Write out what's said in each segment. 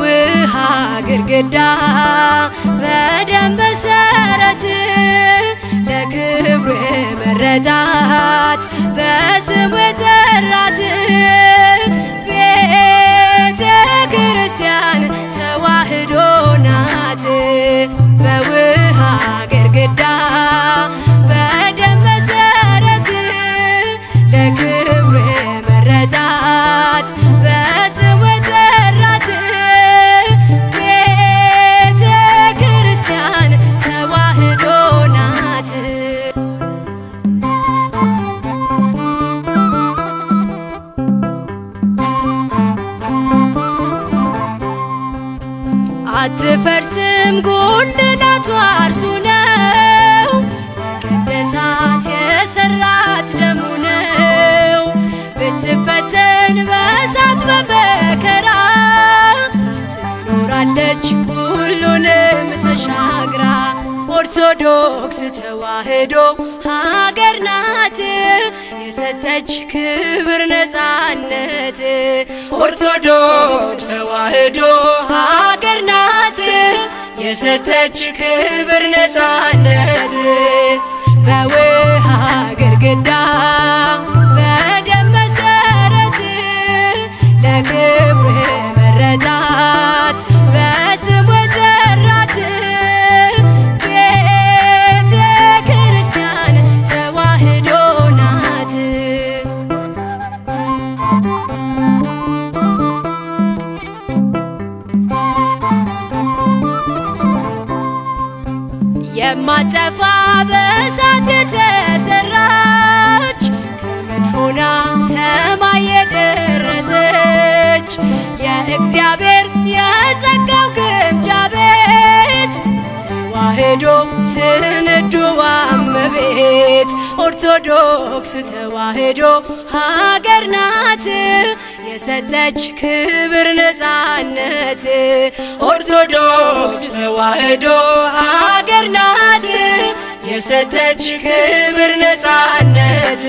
በውሃ ግድግዳ በደም መሰረት ለክብሩ የመረጣት በስሙ የጠራት ቤተ ክርስቲያን ተዋህዶ ናት በውሃ ግድግዳ አትፈርስም ጉልላቱ እርሱ ነው። ቅድሳት የሰራት ደሙ ነው። ብትፈተን በእሳት በመከራ ትኖራለች ሁሉንም ተሻግራ። ኦርቶዶክስ ተዋህዶ ሀገር ናት። የሰጠች ክብር ነፃነት ኦርቶዶክስ ተዋህዶ ሀገር ናት የሰተች ክብር ነጻነት በውሃ ግድግዳ በደም መሰረት ለክብር የትንዱዋ እመቤት ኦርቶዶክስ ተዋሕዶ ሀገር ናት የሰጠች ክብር ነፃነት ኦርቶዶክስ ተዋሕዶ ሀገር ናት የሰጠች ክብር ነፃነት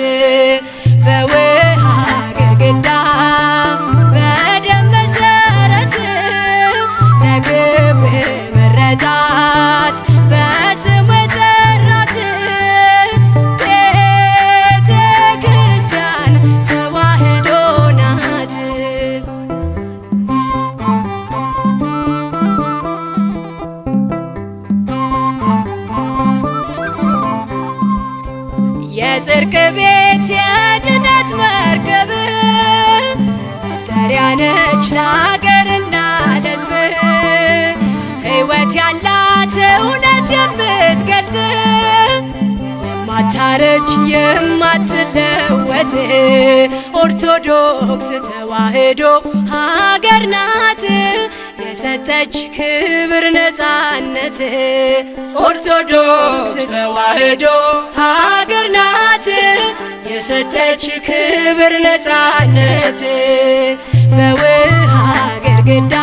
ኦርቶዶክስ ተዋሕዶ ሀገር ናት የሰጠች ክብር ነፃነት ኦርቶዶክስ ተዋሕዶ ሀገር ናት የሰጠች ክብር ነፃነት በውሃ ግድግዳ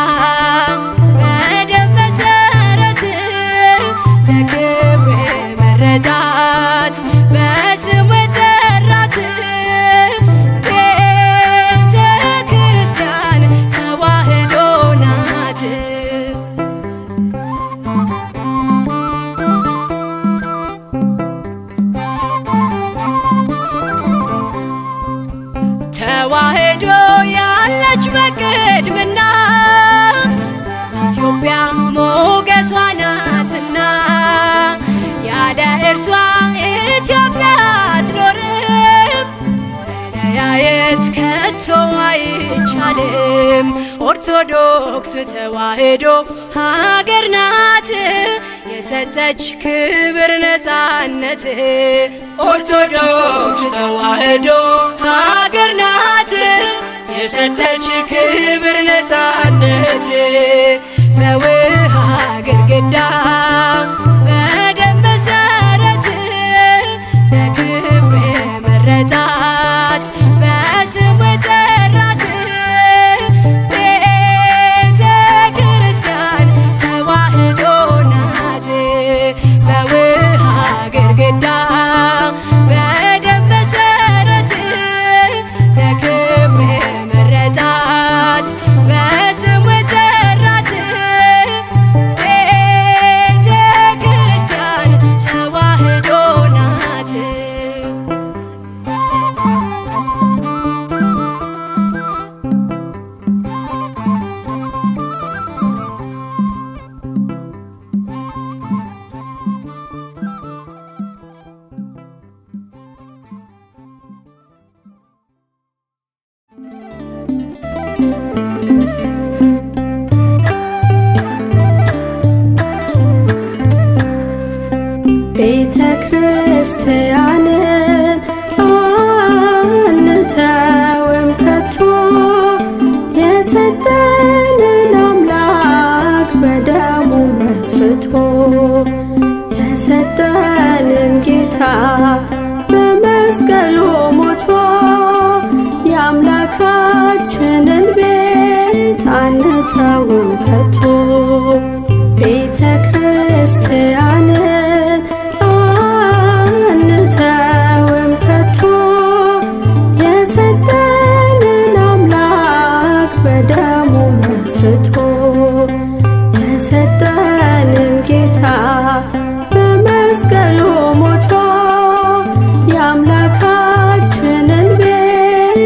ያለሷ ኢትዮጵያ አትኖርም፣ መለያየት ከቶ አይቻልም። ኦርቶዶክስ ተዋሕዶ ሀገር ናት የሰጠች ክብር ነፃነት። ኦርቶዶክስ ተዋሕዶ ሀገር ናት የሰጠች ክብር ነፃነት በውሃ ግድግዳ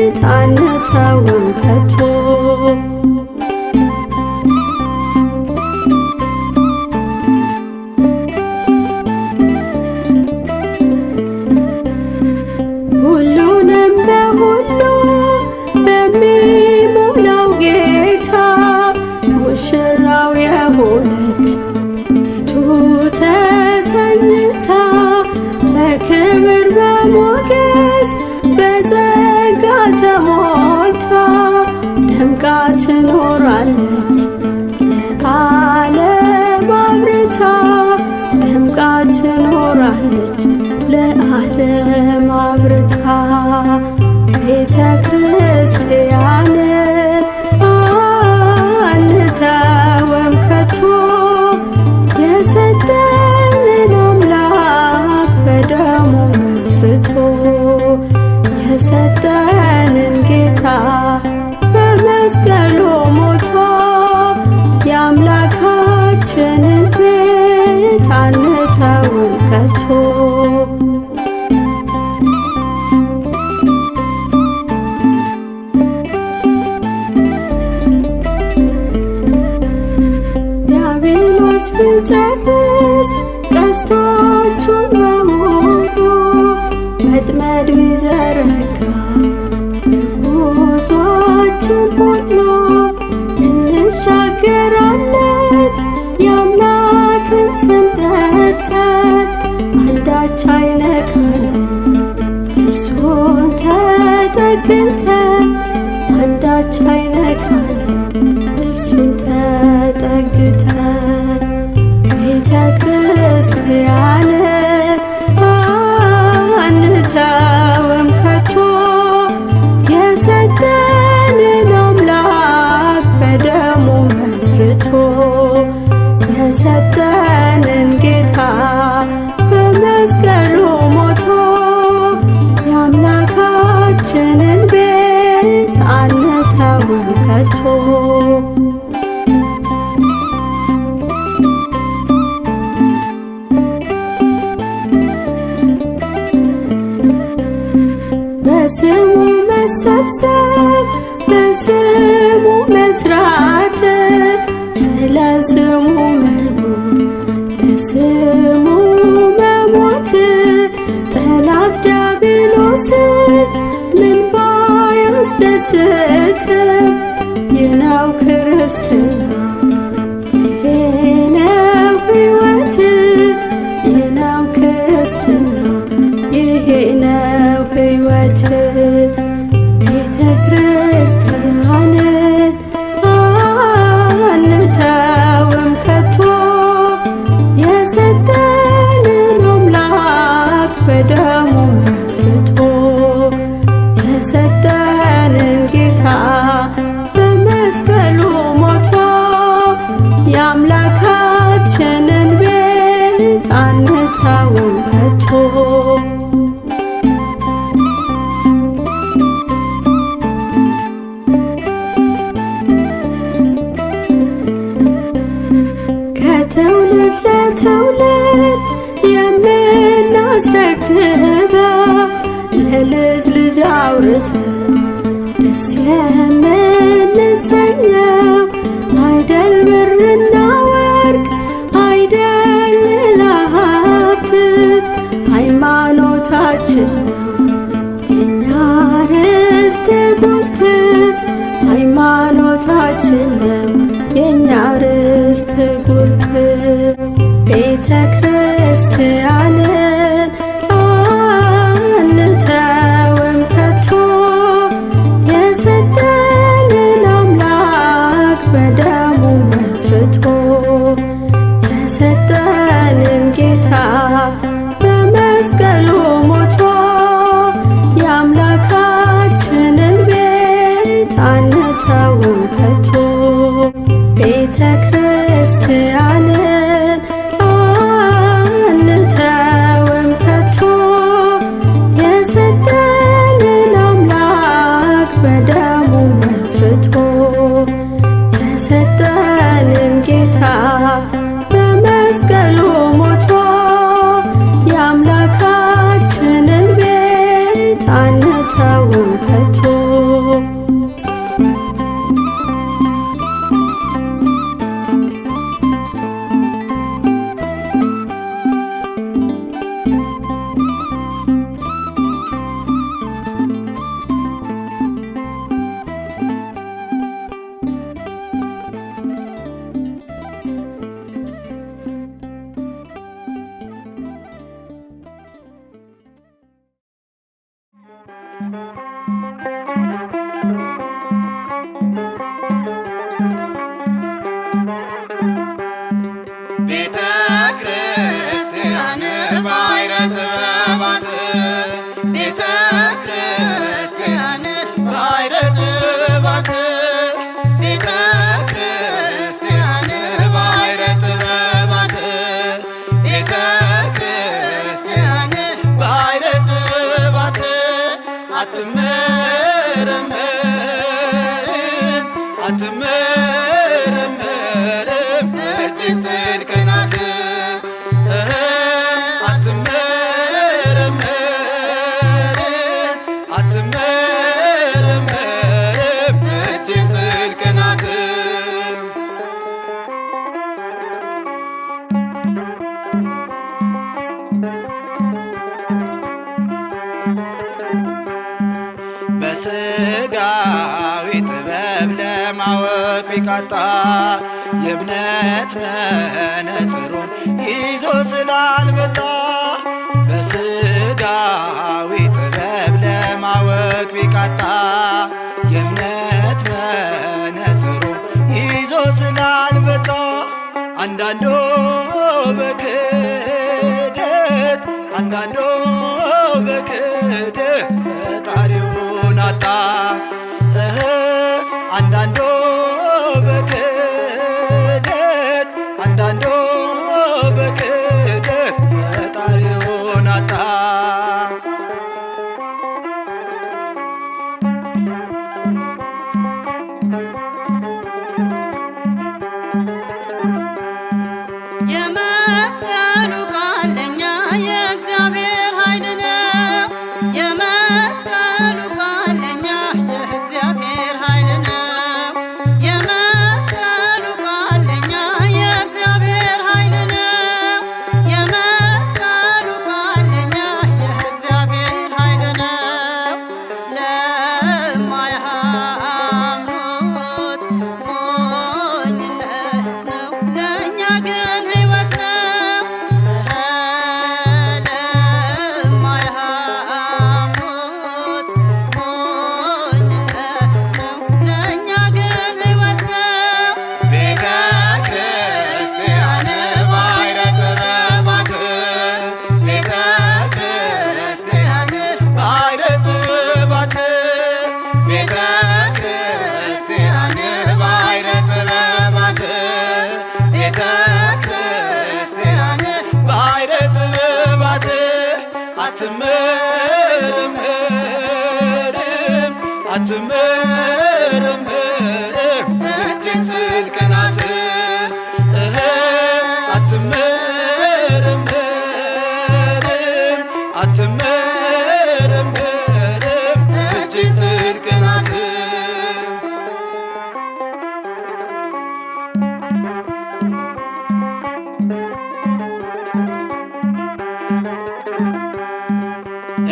ጌታነትውን ከቶ ትኖራለች ስም ጠርተን አንዳች አይነካለን እርሱን ተጠግንተን በስሙ መሰብሰብ በስሙ መስራት ስለ ስሙ መኖር በስሙ መሞት ጠላት ዲያብሎስን ምን ባያስደስት ይህ ነው ክርስትና ያዳነን ጌታ በመስቀሉ ሞቶ የአምላካችንን ቤት አንተውም ከቶ። ከትውልድ ልጅ አውርሰ ሃይማኖታችን እኛ ርስት ጉልት ሃይማኖታችን የእኛ ርስት ጉልት ሰባት ቤተ ክርስቲያን ስጋዊ ጥበብ ለማወቅ ቢቃጣ የእምነት መነጽሩን ይዞ ስላልበጣ በስጋዊ ጥበብ ለማወቅ ቢቃጣ የእምነት መነጽሩን ይዞ ስላልበጣ አንዳንዱ በክ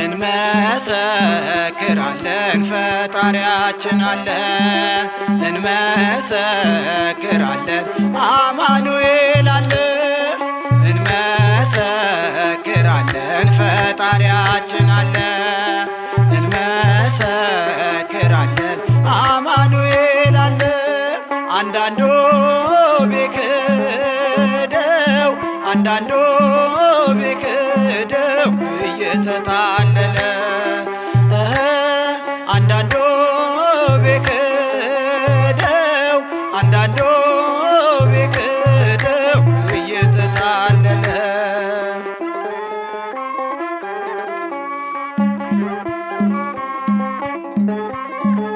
እንመሰክራለን ፈጣሪያችን አለ እንመሰክራለን አማኑኤል አለ እንመሰክራለን ፈጣሪያችን አለ እንመሰክራለን አማኑኤል አለ አንዳንዱ ቢክደው አንዳንዱ Thank you.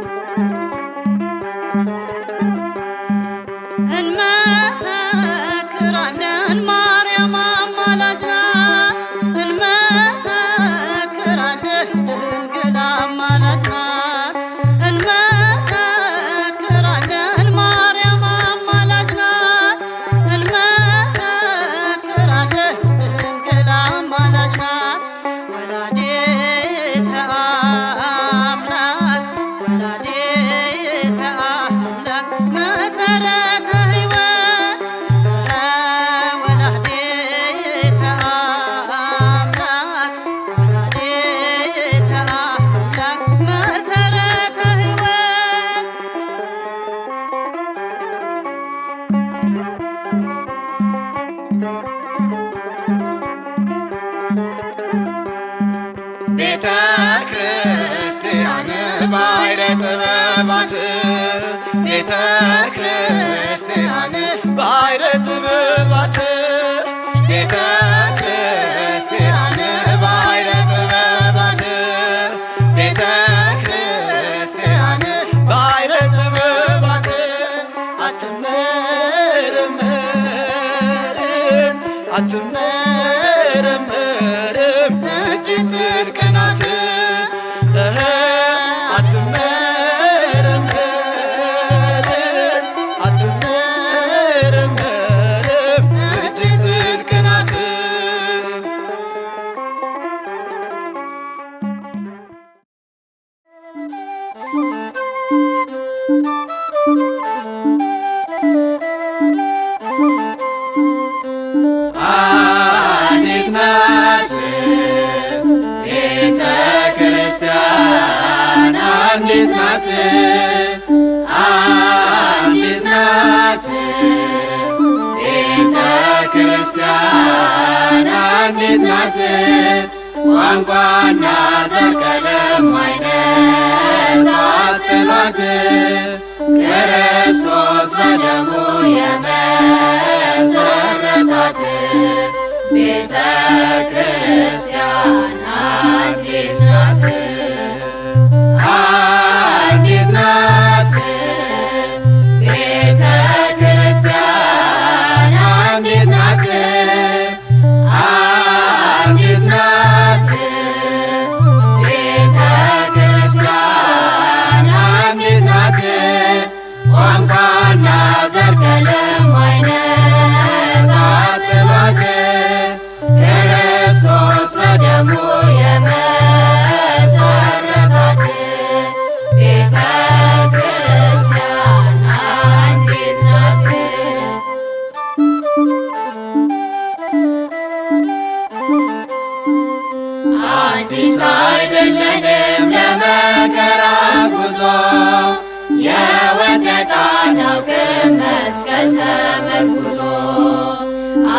ሰንጠቅ አናውቅም መስቀል ተመርኩዞ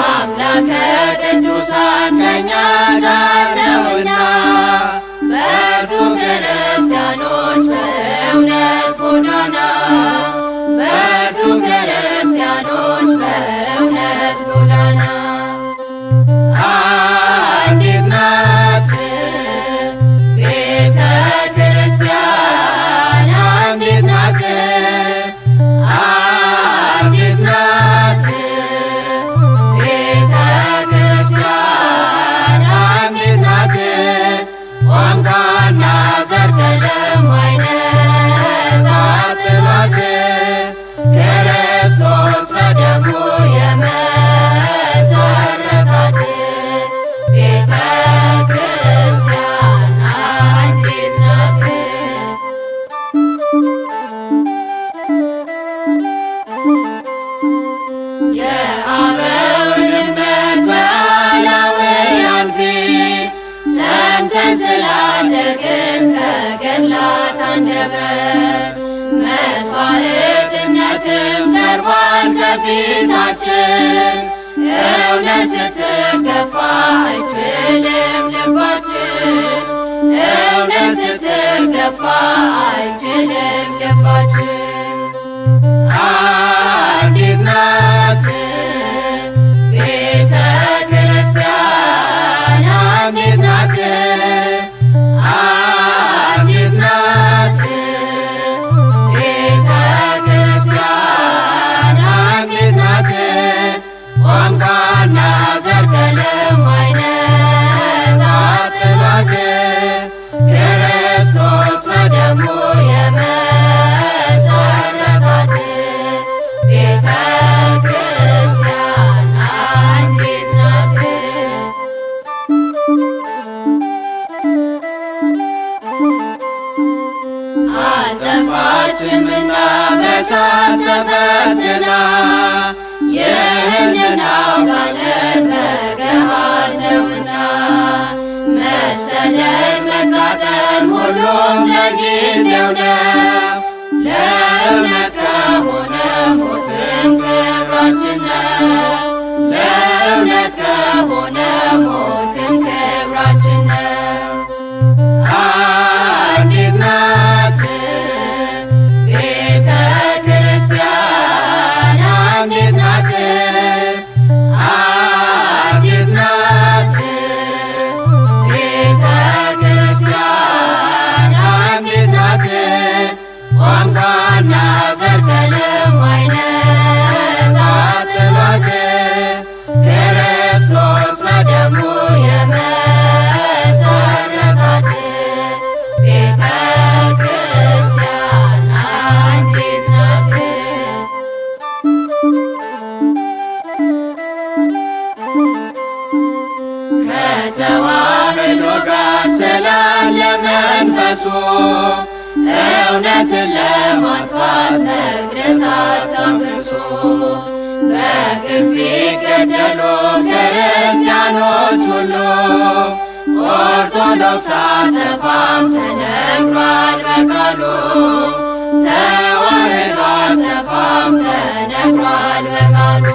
አምላከ ቅዱሳን ጋር ነውና፣ በርቱ ክርስቲያኖች በእምነት ጎዳና ከፊታችን እውነት ስትገፋ አይችልም ልባችን እውነት ስትገፋ አይችልም ልባችን አዲስ በእሳት ተፈትና ይህንን አውቃለን በገሃድ ነውና መሰደድ መቃጠል ሁሉም ለጊዜው ነው ለእውነት ከሆነ ሞትም ክብራችን ነው ለእውነት ከሆነ ሞትም ተመላለሱ። እውነትን ለማጥፋት መቅደስ አታፍርሱ። በግፍ ይገደሉ ክርስቲያኖች ሁሉ ኦርቶዶክስ አጠፋም ተነግሯል በቃሉ ተዋህዶ አጠፋም ተነግሯል በቃሉ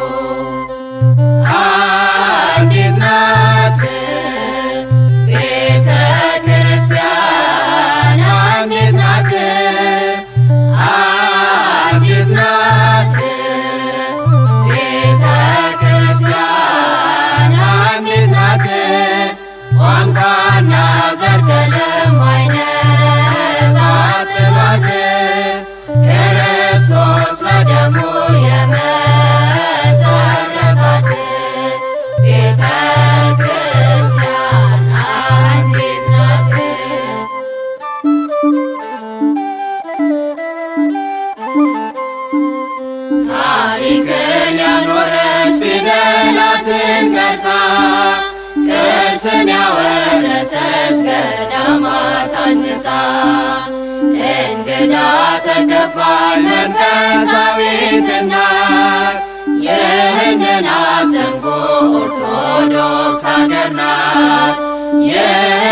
በማማት አንጻ እንግዳ ተገባን መንፈሳዊት ይህንን አዘንጎ ኦርቶዶክስ አገር ይህንን